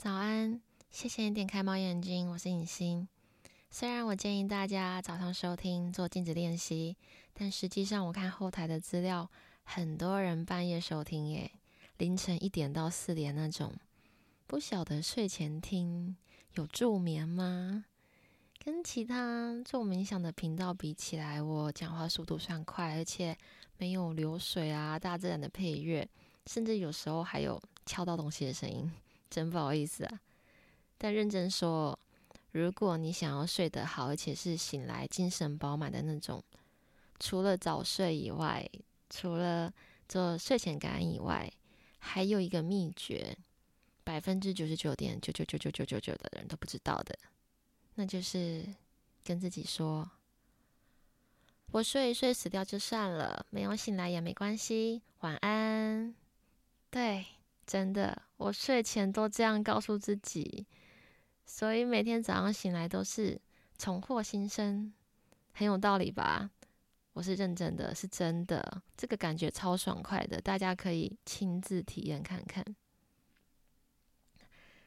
早安，謝謝你點開貓眼睛，我是尹欣。雖然我建議大家早上收聽做鏡子練習，但實際上我看後台的資料，很多人半夜收聽耶，凌晨一點到四點那種。不曉得睡前聽有助眠嗎？跟其他做冥想的頻道比起來，我講話速度算快，而且沒有流水啊、大自然的配樂，甚至有時候還有敲到東西的聲音。真不好意思啊，但認真說，如果你想要睡得好，而且是醒來精神飽滿的那種，除了早睡以外，除了做睡前感恩以外，還有一個秘訣，百分之九十九點九九九九九九九的人都不知道的，那就是跟自己說：“我睡一睡死掉就算了，沒有醒來也沒關係，晚安。”對。真的，我睡前都這樣告訴自己，所以每天早上醒來都是重獲新生，很有道理吧？我是認真的，是真的，這個感覺超爽快的，大家可以親自體驗看看。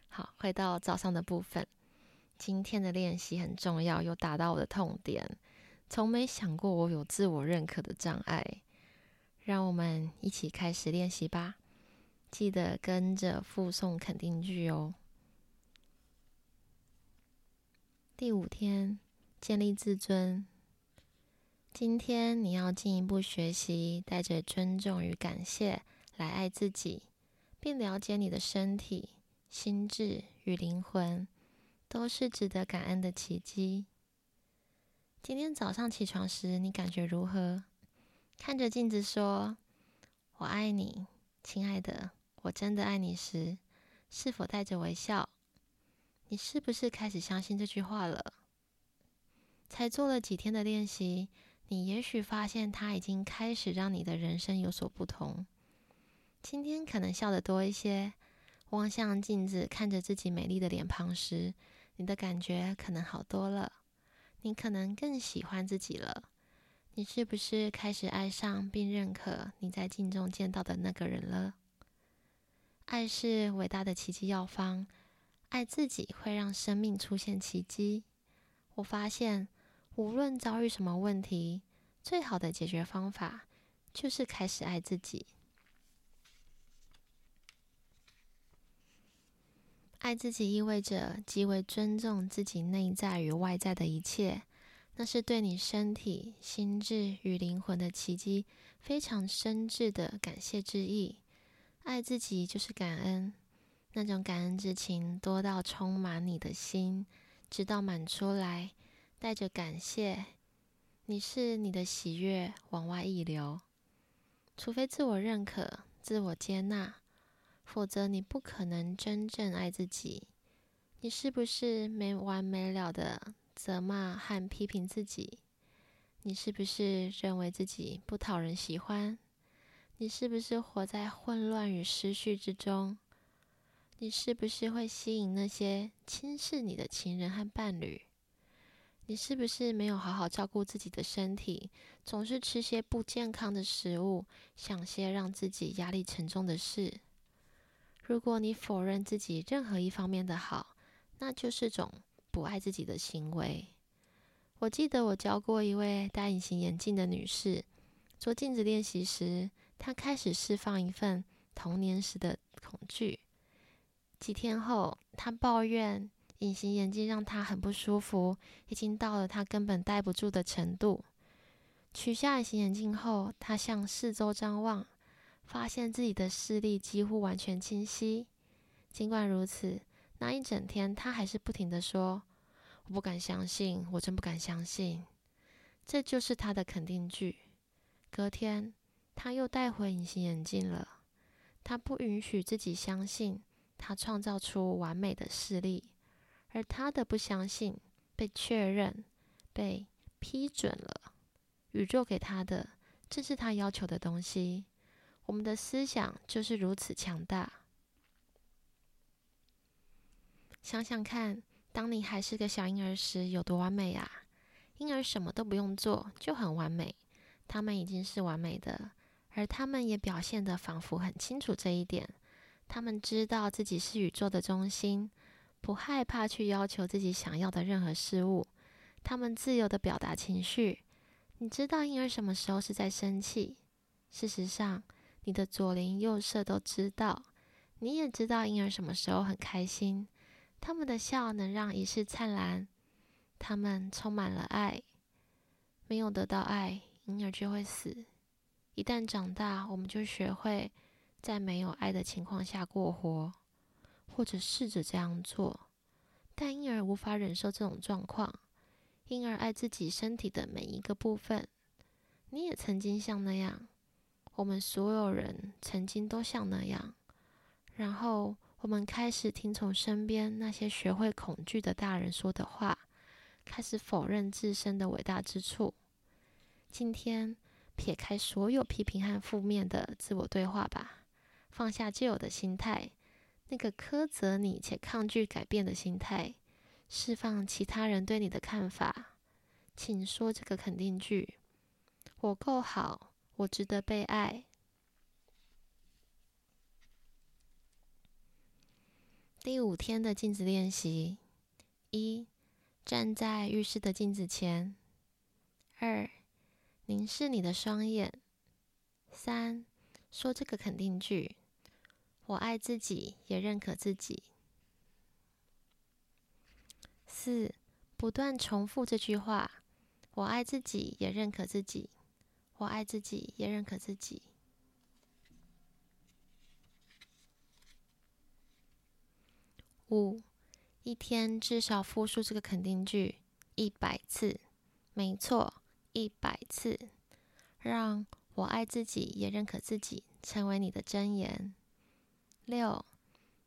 好，回到早上的部分，今天的練習很重要，有打到我的痛點，從沒想過我有自我認可的障礙，讓我們一起開始練習吧。記得跟着附送肯定句哦。第五天，建立自尊。今天你要進一步學習，帶着尊重與感謝來愛自己，並了解你的身體、心智與靈魂都是值得感恩的奇蹟。今天早上起床時，你感覺如何？看着鏡子說：“我愛你，親愛的。”我真的愛你時，是否帶着微笑？你是不是開始相信這句話了？才做了幾天的練習，你也許發現它已經開始讓你的人生有所不同。今天可能笑得多一些，望向鏡子，看着自己美麗的臉龐時，你的感覺可能好多了。你可能更喜歡自己了。你是不是開始愛上並認可你在鏡中見到的那個人了？愛是偉大的奇蹟藥方，愛自己會讓生命出現奇蹟。我發現，無論遭遇什麼問題，最好的解決方法就是開始愛自己。愛自己意味着極為尊重自己內在與外在的一切，那是對你身體、心智與靈魂的奇蹟，非常深摯的感謝之意。愛自己就是感恩，那種感恩之情多到充滿你的心，直到滿出來，帶着感謝，你是你的喜悅往外溢流。除非自我認可、自我接納，否則你不可能真正愛自己。你是不是沒完沒了的責罵和批評自己？你是不是認為自己不討人喜歡？你是不是活在混亂與失序之中？你是不是會吸引那些輕視你的情人和伴侶？你是不是沒有好好照顧自己的身體，總是吃些不健康的食物，想些讓自己壓力沉重的事？如果你否認自己任何一方面的好，那就是種不愛自己的行為。我記得我教過一位戴隱形眼鏡的女士做鏡子練習時。他開始釋放一份童年時的恐懼。幾天後，他抱怨隱形眼鏡讓他很不舒服，已經到了他根本戴不住的程度。取下隱形眼鏡後，他向四周張望，發現自己的視力幾乎完全清晰。儘管如此，那一整天他還是不停的說：“我不敢相信，我真不敢相信。”這就是他的肯定句。隔天。他又帶回隱形眼鏡了。他不允許自己相信他創造出完美的視力，而他的不相信被確認、被批准了。宇宙給他的正是他要求的東西。我們的思想就是如此強大。想想看，當你還是個小嬰兒時，有多完美啊！嬰兒什麼都不用做就很完美，他們已經是完美的。而他們也表現得仿佛很清楚這一點。他們知道自己是宇宙的中心，不害怕去要求自己想要的任何事物。他們自由地表達情緒。你知道嬰兒什麼時候是在生氣？事實上，你的左鄰右舍都知道。你也知道嬰兒什麼時候很開心。他們的笑能讓一世燦爛。他們充滿了愛。沒有得到愛，嬰兒就會死。一旦長大，我們就學會在沒有愛的情況下過活，或者試着這樣做，但嬰兒無法忍受這種狀況，嬰兒愛自己身體的每一個部分。你也曾經像那樣，我們所有人曾經都像那樣，然後我們開始聽從身邊那些學會恐懼的大人說的話，開始否認自身的偉大之處。今天。撇開所有批評和負面的自我對話吧，放下舊有的心態，那個苛責你且抗拒改變的心態，釋放其他人對你的看法。請說這個肯定句：我夠好，我值得被愛。第五天的鏡子練習：一，站在浴室的鏡子前；二。凝視你的雙眼。三，說這個肯定句：“我愛自己，也認可自己。”四，不斷重複這句話：“我愛自己，也認可自己。我愛自己，也認可自己。”五，一天至少複述這個肯定句一百次。沒錯。一百次，讓我愛自己，也認可自己，成為你的真言。六，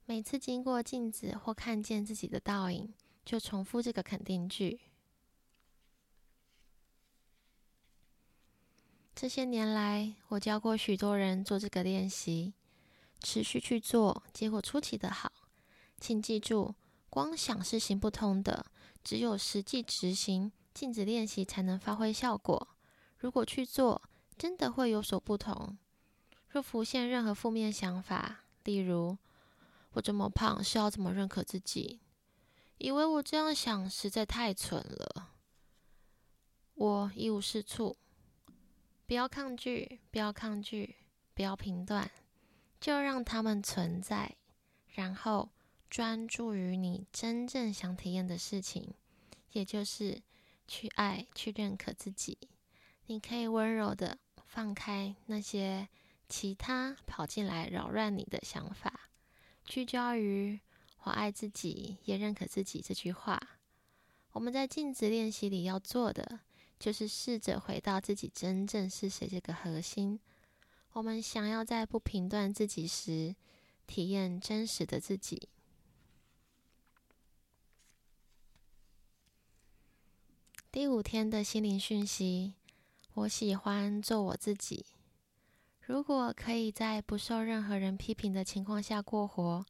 每次經過鏡子或看見自己的倒影，就重複這個肯定句。這些年來，我教過許多人做這個練習，持續去做，結果出奇的好。請記住，光想是行不通的，只有實際執行，鏡子練習才能發揮效果。如果去做，真的會有所不同。若浮現任何負面想法，例如“我這麼胖是要怎麼認可自己？”“以為我這樣想實在太蠢了。”“我一無是處。”不要抗拒，不要抗拒，不要評斷，就讓他們存在。然後專注於你真正想體驗的事情，也就是。去愛，去認可自己。你可以溫柔的放開那些其他跑進來擾亂你的想法，聚焦於“我愛自己，也認可自己”這句話。我們在鏡子練習裡要做的，就是試着回到自己真正是誰這個核心。我們想要在不評斷自己時，體驗真實的自己。第五天的心靈訊息：我喜歡做我自己。如果可以在不受任何人批評的情況下過活，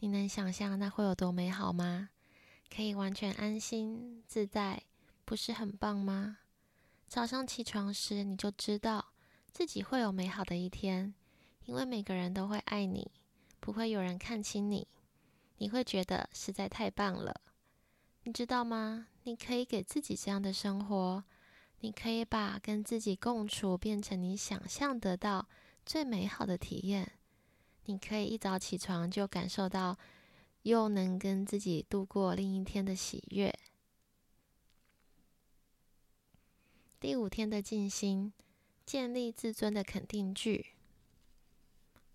你能想象那會有多美好嗎？可以完全安心自在，不是很棒嗎？早上起床時，你就知道自己會有美好的一天，因為每個人都會愛你，不會有人看輕你。你會覺得實在太棒了，你知道嗎？你可以給自己這樣的生活，你可以把跟自己共處變成你想象得到最美好的體驗。你可以一早起床就感受到，又能跟自己度過另一天的喜悅。第五天的靜心，建立自尊的肯定句：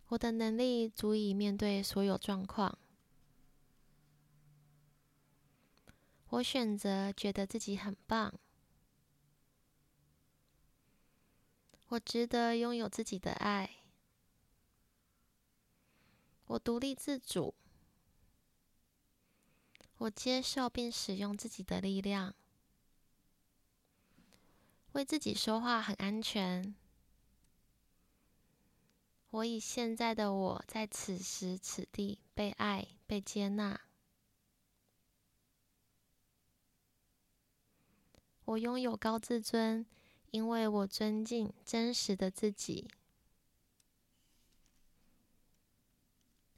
我的能力足以面對所有狀況。我選擇覺得自己很棒，我值得擁有自己的愛，我獨立自主，我接受並使用自己的力量，為自己說話很安全。我以現在的我，在此時此地被愛、被接納。我擁有高自尊，因為我尊敬真實的自己。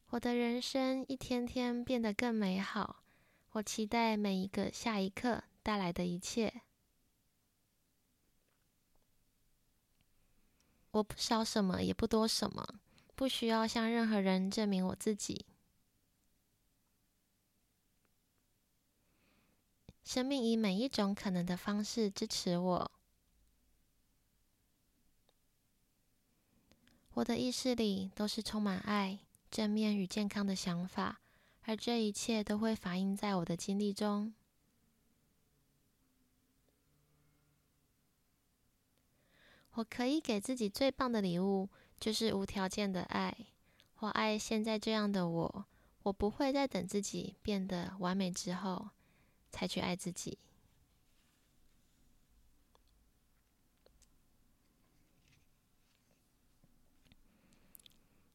我的人生一天天變得更美好，我期待每一個下一刻帶來的一切。我不少什麼，也不多什麼，不需要向任何人證明我自己。生命以每一種可能的方式支持我。我的意識裡都是充滿愛、正面與健康的想法，而這一切都會反映在我的經歷中。我可以給自己最棒的禮物，就是無條件的愛。我愛現在這樣的我，我不會再等自己變得完美之後。才去愛自己。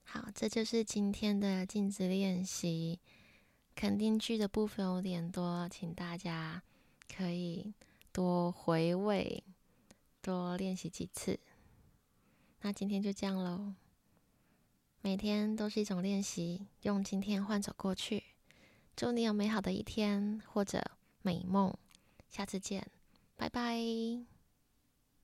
好，這就是今天的鏡子練習。肯定句的部分有點多，請大家可以多回味、多練習幾次。那今天就這樣嘍。每天都是一種練習，用今天換走過去。祝你有美好的一天，或者。美夢，下次見，拜拜。